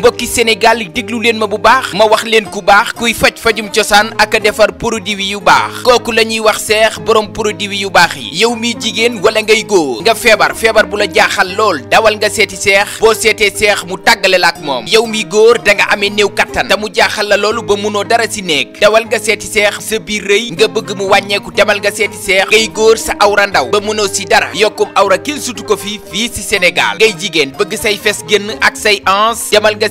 mbokki Sénégal déglu leen ma bu baax ma wax leen ku baax kuy faj fajum cosaan ak a defar produit yu baax kooku la ñuy wax seex borom produit yu baax yi yow miy jigéen wala ngay góor nga feebar feebar bu la jaaxal lool dawal nga seeti seex boo seetee seex mu tàggale ak moom yow mi góor da nga amee néew kattan te mu jaaxal la loolu ba mënoo dara si nekk dawal nga seeti seex sa biir rëy nga bëgg mu wàññeeku demal nga seeti seex ngay góor sa awra ndaw ba munoo si dara yokkum awra kil sutu ko fii fii si Sénégal ngay jigéen bëgg say fes génn ak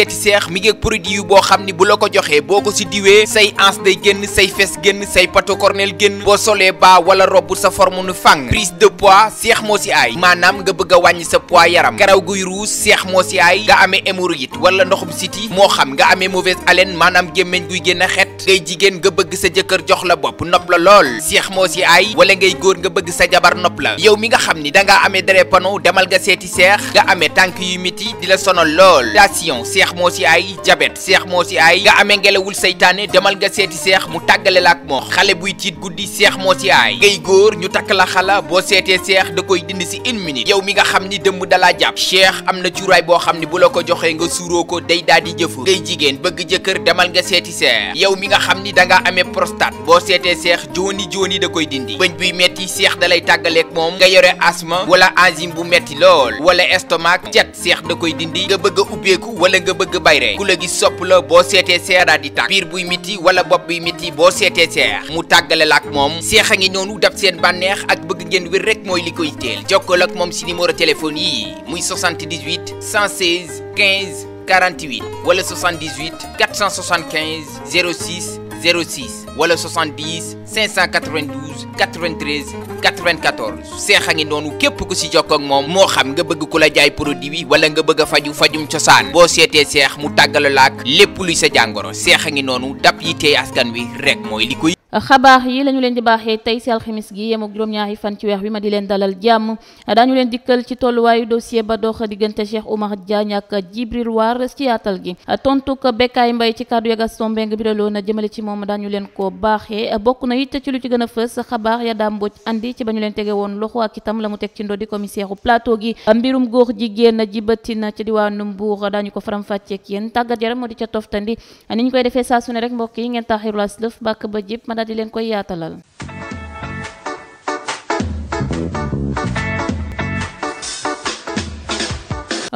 seeti seex mi ngi ak produit yu boo xam ni bu la ko joxee boo ko si diwee say ans day génn say fes génn say pato cornel génn boo solee baa wala robb sa forme nu fang prise de poids seex moo si aay maanaam nga bëgg a sa poids yaram karaw guy ruus seex moo si aay nga amee hémorroïde wala ndoxum siti moo xam nga amee mauvaise haleine maanaam gémmeñ guy génn xeet ngay jigéen nga bëgg sa jëkkër jox la bopp nopp la lool seex moo si ay wala ngay góor nga bëgg sa jabar nopp la yow mi nga xam ni dangaa amee dere pano demal nga seeti seex nga amee tànk yu miti di la sonal lool tension seex moo si ay jabet seex moo si ay nga amee ngelawul seytaane demal nga seeti seex mu tàggale la ak moo xale buy tiit guddi seex moo si aay ngay góor ñu takk la xala boo seetee seex da koy dind si une minute yow mi nga xam ni dëmb dalaa jàpp seex am na cuuraay boo xam ni bu la ko joxee nga suuroo ko day daal di jëfu ngay jigéen bëgg jëkkër demal nga seeti seex yow mi nga xam ni da ngaa amee prostate boo seetee seex jooni jooni da koy dindi bëñ buy metti seex da lay tàggaleeg moom nga yore asthme wala enzyme bu metti lool wala estomac cet seex da koy dindi nga bëgg a ubbeeku wala nga bëgg a bayre ku la gi sopp la boo seetee seex di tàgg biir buy miti wala bopp buy miti boo seetee seex mu tàggale la ak moom seex a ngi noonu dab seen bànneex ak bëgg ngeen wér rek mooy li koy teel jokkal ak moom si numéro téléphone yii muy 78 116 15 48 wala 78 475 06 06 wala 70 592 93 94 seex a ngi noonu képp ku si jokkoo ak moom moo xam nga bëgg ku la jaay produit bi wala nga bëgg a faju fajum cosaan boo seetee seex mu la ak lépp luy sa jàngoro seex a ngi noonu dab yi tey askan wi rek mooy li koy xabaar yi la leen di baaxee tey si alxamis gi yem ak juróom-ñaari fan ci weex wi ma di leen dalal jàmm daañu leen dikkal ci tolluwaayu dossier ba dox diggante Cheikh Oumar Diagne ak Djibril War ci yaatal gi tontu ko Bekkaay Mbay ci kàddu ya Gaston Mbengue biraloo na jëmale ci moom daañu leen ko baaxee bokk na it ci lu gën a fës xabaar ya daam mboj andi ci ba leen tege woon loxo ak itam la mu teg ci ndoddi commissaire u plateau gi mbirum góor jigéen jibati na ci diwaanu Mbuur daañu ko faram-fàcceek yéen tàggat yaram moo di ca toftandi ni ñu koy defee saa su ne rek mbokk yi ngeen taaxirulaas lëf bàkk ba jëpp daal di leen koy yaatalal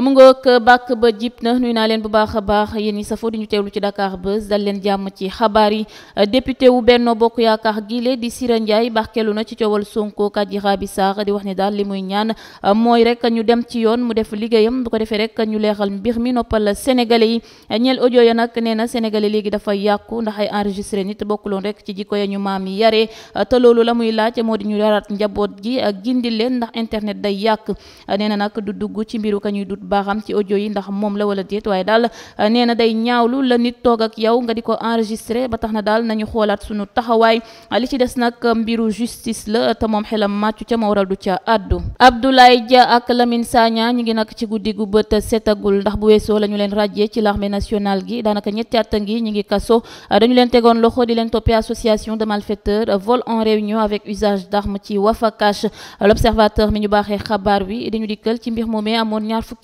mu ngoog bàkk ba jib na nuy naa leen bu baax a baax yéen ñi safoo di ñu teewlu ci Dakar Buzz dal leen jàmm ci xabaar yi député wu benn Bokk Yaakaar gile di Sira Ndiaye barkeelu na ci coowal Sonko Kadji Sarr di wax ne daal li muy ñaan mooy rek ñu dem ci yoon mu def liggéeyam bu ko defee rek ñu leexal mbir mi noppal sénégalais yi ñeel audio ya nag nee na sénégalais léegi dafa yàqu ndax ay enregistré nit bokkuloon rek ci jikko ya ñu maam yi yaree te loolu la muy laaj moo di ñu yaraat njaboot gi gindi leen ndax internet day yàq nee na nag du dugg ci mbiru ka ñuy dut baaxam ci audio yi ndax moom la wala déet waaye daal euh, nee na day ñaawlu la nit toog ak yow nga di ko enregistré ba tax na daal nañu xoolaat sunu taxawaay euh, li ci des nag euh, mbiru justice la te moom xelam màccu ca ma waral du ca àddu Abdoulaye Dia ak Lamine Sagna ñu ngi nag ci guddi gu bët setagul ndax bu weesoo la ñu leen ràjjee ci l'armée nationale gi daanaka ñetti at ngi ñu ngi kaso dañu leen tegoon loxo di leen toppee association de malfaiteurs vol en réunion avec usage d'armes ci Wafakash l'observateur mi ñu baaxee xabaar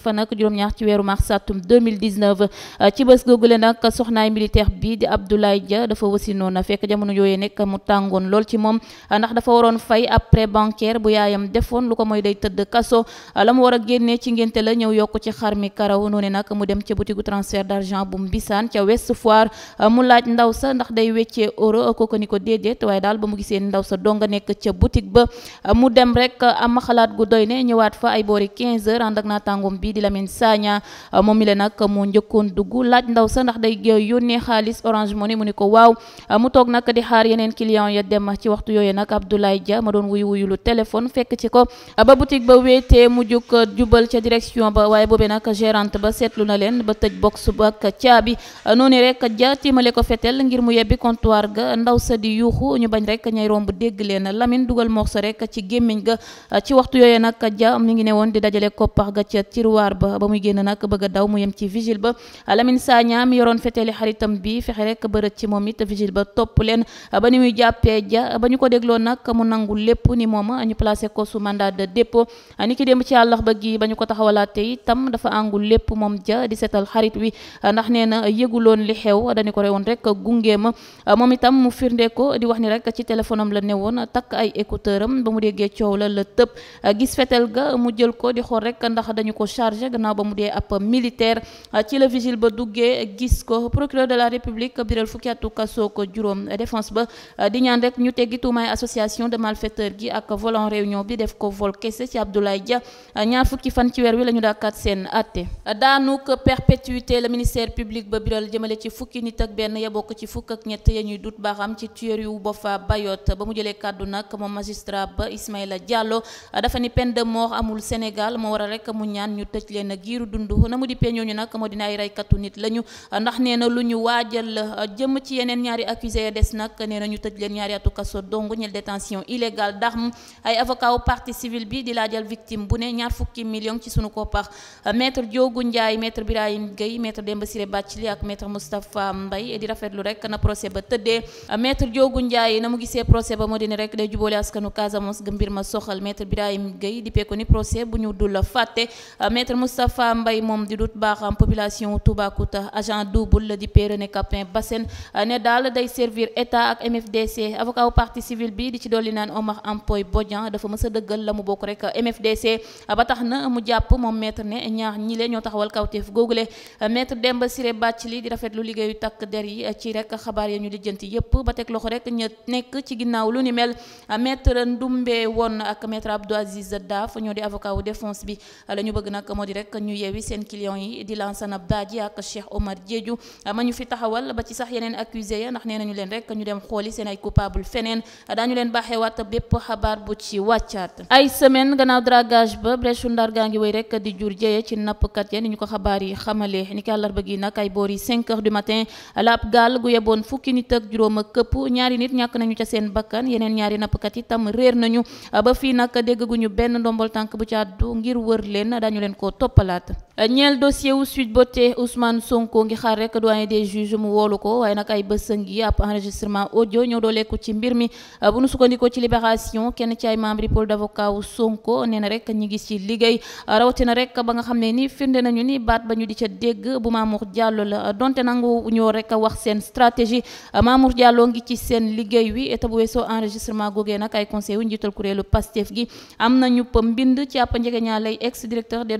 fan ak juróom-ñaar ci weeru mars atum 2019 euh, ci bés googule nag soxnaay militaire bi di Abdoulaye Dia dafa wasinoon a fekk jamono yooyee nekk mu tàngoon lool ci moom euh, ndax dafa waroon fay ab bancaire bu yaayam defoon lu ko mooy day tëdd kaso euh, la mu war a génnee ci ngénte la ñëw yokk ci xar mi karaw noonu nag mu dem ca boutique transfert d'argent bu Mbisaan ca West Foire mu laaj ndaw sa ndax day weccee euro kooku ni ko déedéet waaye daal ba mu gisee ndaw sa do nekk ba mu dem rek am xalaat gu doy ne bi di Lamine Sagna euh, moom mi le nag moo njëkkoon dugg laaj ndaw sa ndax day yónnee xaalis Orange Money mu ni ko waaw euh, mu toog nag di xaar yeneen client ya dem ci waxtu yooyu nag a Dia ma doon wuyu wuyu lu téléphone fekk ci ko euh, ba boutique ba wéetee mu jug jubal ca direction ba waaye boobee na leen ba tëj ba ak caabi noonu rek ja tiimale ko fetel ngir mu yebbi comptoir ga ndaw sa di yuuxu ñu bañ rek ñay romb dégg leen Lamine dugal morso rek ci gémmiñ ga ngi ne woon di dajale koppax ga ca tiroir couloir ba ba muy génn nag a daw mu yem ci vigile ba Lamine Sagna mi yoroon feteeli xaritam bi fexe rek bërët ci moom ba topp leen ba ni muy jàppee ja ba ñu ko dégloo nag mu nangu ba gi ba ñu ko taxawalaatee itam dafa àngul lépp moom ja di seetal xarit wi ndax nee na yëguloon li xew dañu ko rewoon rek gunge ma moom itam mu firnde ko di wax ni rek ci téléphone am la newoon takk ay écouteur am ba mu déggee coow la la tëb gis fetel ga mu jël ko di xool rek ndax dañu ko chargé chargé gannaaw ba mu dee ab militaire euh, ci la vigile ba duggee gis ko procureur de la république biral fukki atu kaso ko juróom défense ba euh, di ñaan rek ñu teggi association de malfaiteurs gi ak vol en réunion bi def ko vol kese ci Abdoulaye Dia euh, ñaar fukki fan ci weer wi la ñu daakaat seen atte daanuk perpétuité le ministère public ba biral jëmale ci fukki nit ak benn ya bokk ci fukk ak ñett ya ñuy dut baaxam ci tueur yu Boffa Bayotte ba mu jëlee kàddu nag moom ba Ismaïla Diallo dafa ni peine de mort amul Sénégal moo waral rek mu tëj leen giiru dund na mu di peñooñu nag moo dina ay raykatu nit lañu ndax nee na lu ñu waajal jëm ci yeneen ñaari accusé ya des nag nee ñu tëj leen ñaari atu dong ñel détention illégale d'armes ay avocat wu partie bi di laajal victime bu ne ñaar fukki million ci sunu koppar maître Diogu Ndiaye maître Birahim Gueye maître Demba Siré Bathily ak maître Moustapha Mbaye di rafetlu rek na procès ba tëddee maître Diogu Ndiaye na mu gisee procès ba moo Maître Moustapha Mbaye moom di dut baaxam population Toubacouta agent double la di René Capin Bassène euh, ne daal day servir état ak MFDC avocat wu partie bi di ci dolli naan Omar Ampoy Bodian dafa mës a dëggal la mu bokk rek MFDC ba tax na mu jàpp moom maître ne ñaax ñi le ñoo taxawal kawteef googule maître Demba Ciré Bathily di rafetlu liggéeyu takk der yi ci rek xabaar ya ñu lijjanti yépp ba teg loxo rek ña nekk ci ginnaaw lu ni mel maître Ndoumbe woon ak maître moo di rek ñu yeewi seen client yi di Lansana Badji ak Cheikh Omar Diédiou ah, ma ñu fi taxawal ba ci sax yeneen accusé ya ndax nee nañu leen rek ñu dem xooli seen ay coupable feneen ah, daañu leen baaxeewaat bépp xabaar bu ci wàccaat ay semaine gannaaw dragage ba brèche Ndar ya ni ñu ko xabaar yi xamale ni ki àllarba gi nag ay boor yi 5 heures du matin ah, la ab gaal gu yeboon fukki nit ak juróom a këpp ñaari nit ñàkk nañu ca seen bakkan yeneen ñaari nappkat yi tam réer nañu ba fii nag dégg guñu benn ndombol tànk bu ci àddu ngir wër leen dañu leen toppalaat ñeel dossier wu Sweet Beauté Ousmane Sonko ngi xaar rek doyen des juges mu woolu ko waaye nag ay bësëng yi ab enregistrement audio ñoo dooleeku ci mbir mi bu nu sukkandikoo ci libération kenn ci ay membre yi pôle d'avocat wu Sonko nee na rek ñi ci liggéey rawatina rek ba nga xam ne ni firnde nañu ni baat ba ñu di ca dégg bu Mamour Diallo la donte nangu ñoo rek wax seen stratégie Mamour Diallo ngi ci seen liggéey wi état bu weesoo enregistrement googee nag ay conseil pa mbind ci àpp njege ñaa lay ex directeur des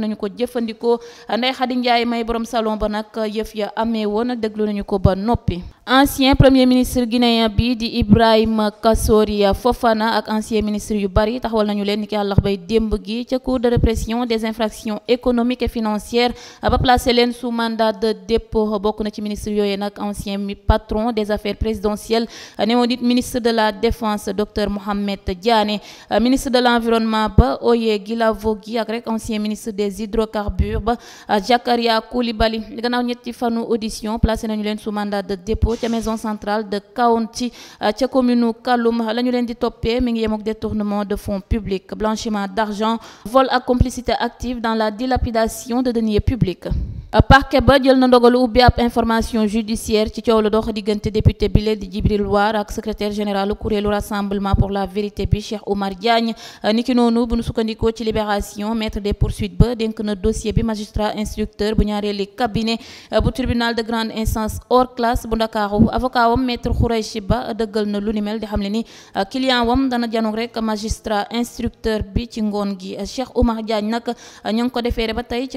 danañu ko jëfandikoo Ndeye Khady Ndiaye may borom salon ba nag yëf ya amee woon déglu nañu ko ba noppi ancien premier ministre guinéen bi di Ibrahima Kassory Fofana ak ancien ministre yu bari taxawal nañu leen ni ki bay démb gi ca cour de répression des infractions économiques et financières ba placé leen sous mandat de dépôt bokk na ci ministre yooyu nag ancien patron des affaires présidentielles néewoon it ministre de la défense docteur Mohamed de l'environnement ba Oye Guilavogui des hydrocarbures ba Jakaria Koulibaly gannaaw ñetti fanu audition placé nañu leen sous mandat de dépôt ca maison centrale de Kaunti ca commune Kaloum la leen di toppee mi ngi yem ak détournement de fonds publics blanchiment d'argent vol ak complicité active dans la dilapidation de deniers publics Euh, parquet ba jël na ndogalu ubbi ab information judiciaire ci coow la dox diggante député bi leen di Djibril War ak secrétaire général kuréelu rassemblement pour la vérité bi Cheikh Oumar Diagne euh, niki noonu bu nu sukkandikoo ci libération maître des poursuites ba dénk na dossier bi magistrat instructeur bu ñaareeli cabinet euh, bu tribunal de grande instance hors classe bu ndakaaru avocat wam maître Khoureychi Ba dëggal na lu ni mel di xam ne ni client wam dana janoog rek magistrat instructeur bi ci ngoon gi Cheikh Oumar Diagne nag ko defeere ba tey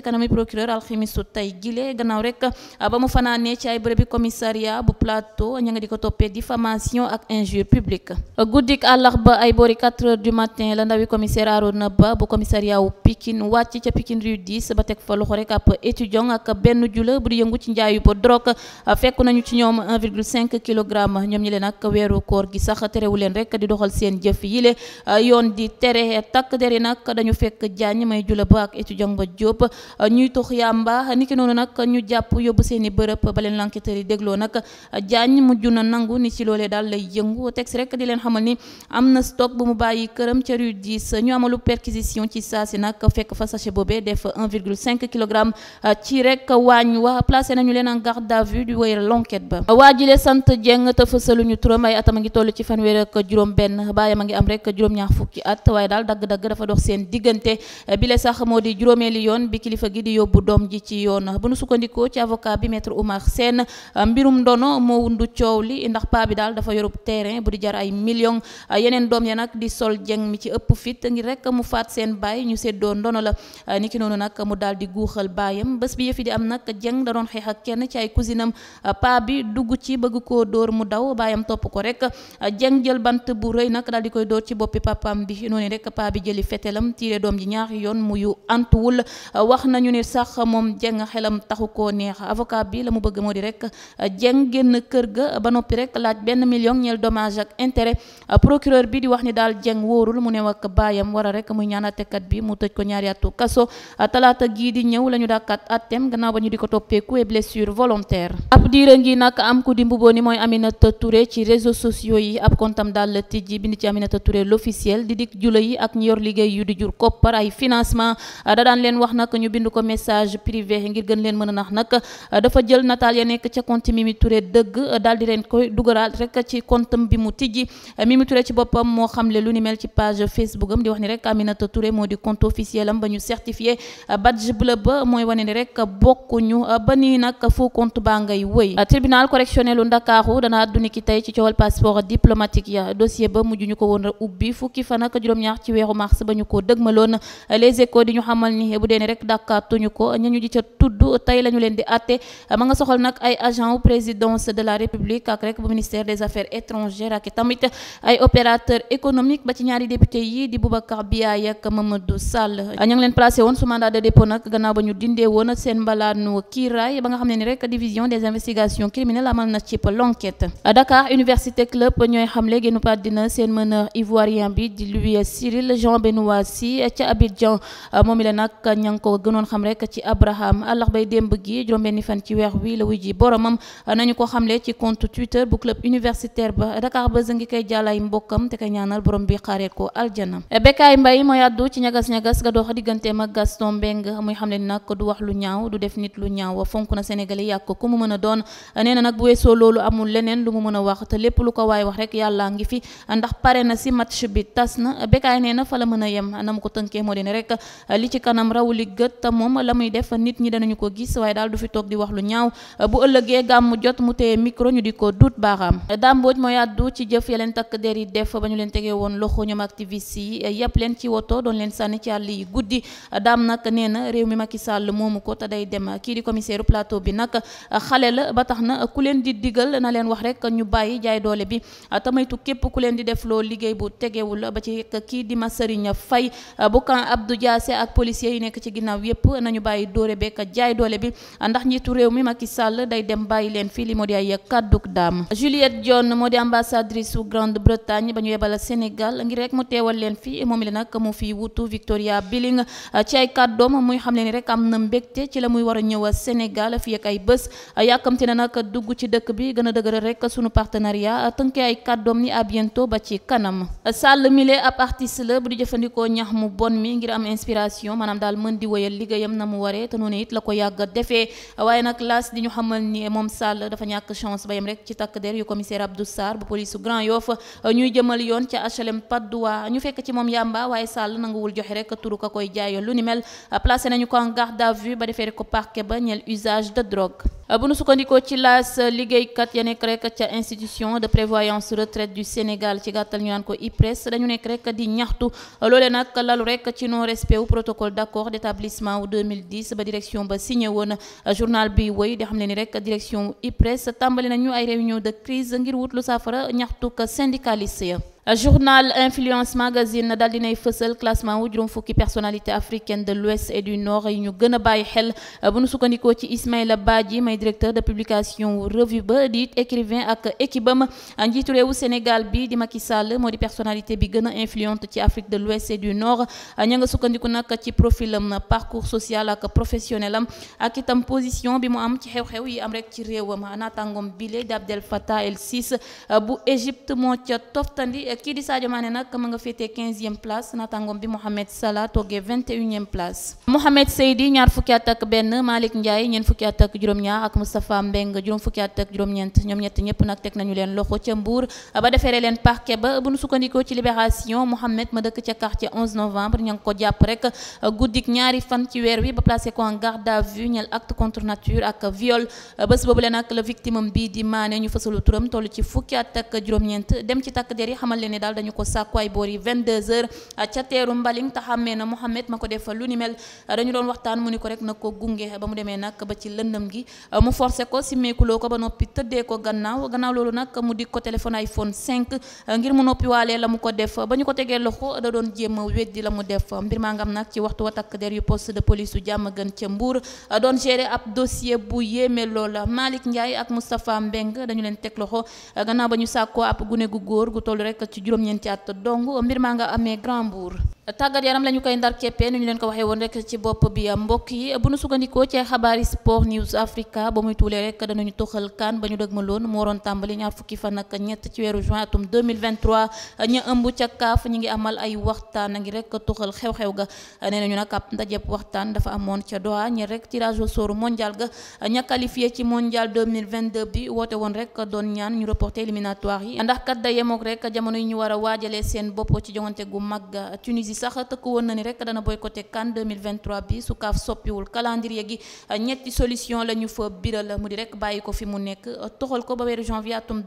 tey gilee gannaaw rek ah, ba mu fanaanee ci ay bërëbi commissariat bu plateau ña nga di ko toppee diffamation ak injure publique guddik àllarba ay boori 4 heures du matin la ndawi commissaire Arona Ba bu commissariat wàcc ca Pikine rue ba teg fa loxo rek ab étudiant ak benn jula bu di yëngu ci njaayu ba drogue ah, fekk nañu ci ñoom 1,5 kilogramme ñoom ñi leen ak weeru koor gi sax terewu leen rek di doxal seen jëf yi le ah, yoon di tere takk deri nag dañu fekk jaañ may jula ba ak étudiant ba Diop ñuy tox yàmba niki noonu nag ñu jàpp yóbbu seen i bërëb ba leen yi dégloo nag Diagne mujj na nangu ni ci loolee daal lay yëngu texte rek di leen xamal ni am na stock bu mu bàyyi këram ca rue 10 ñu amalu perquisition ci saa si nag fekk fa sachet boobee def 1,5 kilogramme euh, ci rek waañ wa placé nañu leen en garde à vue di wéyal l'enquête ba waa jile sant Dieng te fësalu ñu turam ay atam a ngi toll ci fanweer ak juróom benn baayam a ngi am rek juróom ñaax fukki at waaye daal dagg-dagg dafa dox seen diggante sax moo di juróomeeli yoon bi kilifa gi di yóbbu doom ji ci yoon doon bu nu sukkandikoo ci avocat bi maître Oumar Sène euh, mbirum ndono moo wundu coow li ndax paa bi daal dafa yorub terrain bu di jar ay millions euh, yeneen doom ya nag di sol jeng mi ci ëpp fit ngir rek mu faat seen baay ñu seddoo ndono la euh, ni ki noonu nag mu daal di guuxal baayam bés bi yëfi di am nag jeng da doon xeex ak kenn ci ay cousinam paa bi dugg ci bëgg ko dóor mu daw baayam topp ko rek jeng jël bant bu rëy nag daal di koy dóor ci boppi papam bi noonu rek paa bi jëli xelam taxu koo neex avocat bi la mu bëgg moo di rek jeng génn kër ga ba noppi rek laaj benn million ñeel dommage ak intérêt procureur bi di wax ni daal jeng wóorul mu ne ak baayam wara rek muy ñaan bi mu tëj ko ñaari atu kaso talaata gii di ñëw la ñu dàkkaat àtteem gannaaw ba ñu di ko toppee coup et blessure volontaire ab diira ngi nag am ku di mbuboo ni mooy Aminata Touré ci réseaux sociaux yi ab kontam daal tijji bind ci Aminata Touré l'officiel di dik jula yi ak ñi yor liggéey bind ko message privé ngir gën leen mën a nax nag dafa jël nataal ya nekk ca compte Mimi Touré dëgg daal di leen koy dugalaat rek ci comptam bi tijji Mimi Touré ci boppam moo xamle lu ni mel ci page Facebook di wax ni rek Aminata Touré moo di compte ba ba mooy wane ni ba nii nag foo compte baa ngay wëy tribunal correctionnel u Ndakaaru dana addu ki tey ci coowal passeport diplomatique ya dossier ba mujj ñu ko woon a ubbi fukki fan ak juróom-ñaar ci weeru mars ba ñu ko dëgmaloon les échos di ñu xamal ni tudd tey la ñu leen di atte ma nga soxal nag ay agent présidence de la république ak rek bu ministère des affaires étrangères ak tamit ay opérateur économique ba ci ñaari député yi di Boubacar Biaye ak Mamadou Sall ñu ngi leen placé woon su mandat de dépôt nag gannaaw ba ñu dindee a seen mbalaanu kiiraay ba nga xam ne ni rek division des investigations criminelles amal na ci l'enquête Dakar Université Club ñooy i xam rek ci Abraham àllarbay démb gi juróom-benni fan ci weer wi la wuy ji boromam nañu ko xamle ci compte Twitter bu club universitaire ba Dakar Buzz ngi koy jàllay mbokkam te koy ñaanal borom bi xaaree ko aljana Bécaye Mbaye mooy àddu ci ñagas-ñagas ga dox digganteem ak Gaston Mbengue muy xamle ni du wax lu ñaaw du def nit lu ñaaw fonk na Sénégalais yàq ku mu mën a doon nee nag bu weesoo loolu amul leneen lu mu mën a wax te lépp lu ko waay wax rek yàlla ngi fi ndax pare la mën a yem na mu ko tënkee moo dina rek li ci kanam raw li gët te moom la danañu ko gis waaye daal du fi toog di wax lu ñaaw bu ëllëgee gàmmu jot mu téye micro ñu di ko duut baaxaam Dame moo yàddu ci jëf ya leen takk der yi def ba ñu leen tegee woon loxo ñoom activiste yi yëpp leen ci woto doon leen sànni ci yi guddi daam nag nee réew mi Macky Sall moomu ko te day dem kii di commissaire plateau bi nag xale la ba tax na ku leen di digal na leen wax rek ñu bàyyi jaay doole bi tamaytu képp ku leen di def loo liggéey jaay doole bi ndax njiitu réew mi i Sall day dem bàyyi leen fii li moo di ay kàdduk daam Juliette Dione moo di ambassadrice u Grande-Bretagne ba ñu yebal Sénégal ngir rek mu teewal leen fii moom la nag mu fi wutu Victoria Billing ci ay kàddoom muy xam leen rek am na te ci la muy war a ñëw Sénégal fii ak ay bés yàkkamti na nag dugg ci dëkk bi gën a dëgëral rek sunu partenariat tënkee ay kàddoom ni à ba ci kanam Sall mile ab artiste di jëfandikoo ñax mu bon mi ngir am inspiration maanaam daal mën di wéyal liggéeyam na mu waree ko yàgg defee waaye nag laas di ñu xamal ni moom Sall dafa ñàkk chance bayam rek ci takk der yu commissaire Abdou Sarr bu police Grand Yoff ñuy jëmal yoon ca HLM Patte d'Oie ñu fekk ci moom yàmba waaye Sall nanguwul joxe rek turu ka koy jaayoo lu ni mel placé nañu ko en garde à vue ba defee rek ko parquet ba ñeel usage de drogue Euh, bu nu sukkandikoo ci laas euh, liggéeykat ya nekk rek ca institution de prévoyance retraite du Sénégal ci gàttal ñu naan ko IPRES dañu nekk rek di ñaxtu euh, loole nag lalu rek ci non respect wu protocole d' accord d' établissement wu 2010 ba direction ba signé woon journal bi woy di xam ne ni rek direction IPRES tàmbali nañu ay réunion de crise ngir wut lu saafara ñaxtu syndicaliste ya journal influence magazine daal dinay fësal classement wu juróom fukki personalité africaine de l'ouest et du nord yi ñu gën a bàyyi xel bu nu sukkandikoo ci Ismaïla Badji may directeur de publication revue ba di écrivain ak équipe am njiitu réewu Sénégal bi di Macky Sall moo di personalité bi gën a influente ci Afrique de l'ouest et du nord ña nga sukkandiku nag ci profilam parcours social ak professionnel am ak itam position bi mu am ci xew-xew yi am rek ci réewam naataangoom bile di Abdel Fattah El Sisi bu Égypte moo ca Euh, kii di Sadio Mané nag ma nga féetee quinzième place naataangoom bi Mohamed Salah toogee vingt et unième place Mohamed Seydi ñaar fukki at benn Malick Ndiaye ñeent fukki at juróom ñeent ñoom ñett ñëpp nag teg nañu leen loxo ca Mbour ba deferee leen parquet ba bu nu sukkandikoo ci libération Mohamed ma dëkk ca quartier 11 novembre ña ko jàpp rek guddik ñaari fan ci weer wi ba placé ko garde à vue ñel acte contre nature ak viol bés boobu leen ak xamle ne daal ah, ah, ba mu demee nag ba ci lëndëm gi ah, mu forcé ba ko gannaaw ngir mu noppi la mu ko def ba ñu ko tegee loxo da doon jéem weddi la mu def mbir maa ngam nag ci waxtu wa takk der yu poste de police yu jàmm gën ca a doon gérer ab dossier bu yéeme loola Malick Ndiaye ak Moustapha Mbeng dañu leen teg loxo gannaaw ba ñu sàkkoo ab gune gu góor gu toll rek ci juróom-ñeenti at dongo mbir maa nga amee Grand tàggat yaram la ñu koy ndar keppee ñu leen ko waxee woon rek ci bopp bi mbokk yi bu nu sukkandikoo ci xabaari sport news africa ba muy tuulee rek danañu toxal kan ba ñu dëg ma loon moo waroon tàmbali ñaar fukki fan ak ñett ci weeru juin atum 2023 ñu ëmb ca kaaf ñi ngi amal ay waxtaan a ngi rek toxal xew-xew ga nee nañu nag ab ndajeb waxtaan dafa amoon ca Doha ñi rek tirage au sort mondial ga ña qualifié ci mondial 2022 bi woote woon rek doon ñaan ñu reporté éliminatoire yi ndax kat da yemook rek jamono yi ñu war a waajalee seen bopp ci jongante gu mag Tunisie ji a tëkk woon na ni rek dana boycotté CAN 2023 bi su kaaf soppiwul calendrier gi ñetti solution la ñu fa biral mu di rek bàyyi ko fi mu nekk toxal ko ba weeru janvier atum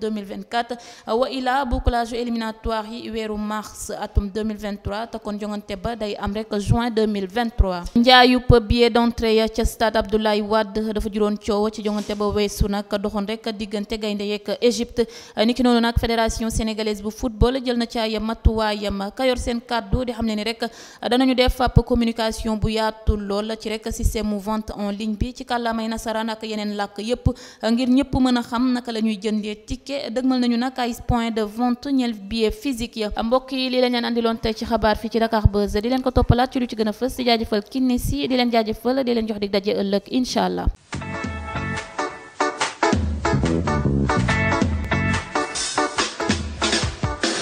wa ila bouclage éliminatoire yi weeru mars atum 2023 jongante ba day am rek juin 2023 njaayub billet d'entrée ca stade Abdoulaye Wade dafa juróon coow ci jongante ba weesu nag doxoon rek diggante gaynde yeeg Égypte niki nag fédération sénégalaise bu football jël na ci ay ni rek danañu def ab communication bu yaatu lool ci rek système mu vente en ligne bi ci kàllaamay nasaraan ak yeneen làkk yépp ngir ñëpp mën a xam naka la ñuy jëndee ticket dëgmal nañu nag ay point de vente ñel billet physique ya mbokk yi lii la ñu andiloon tey ci xabaar fii ci Dakar Buzz di leen ko toppalaat ci lu ci gën a fës di jaajëfal kinni si di leen jaajëfal di leen jox di daje ëllëg incha allah.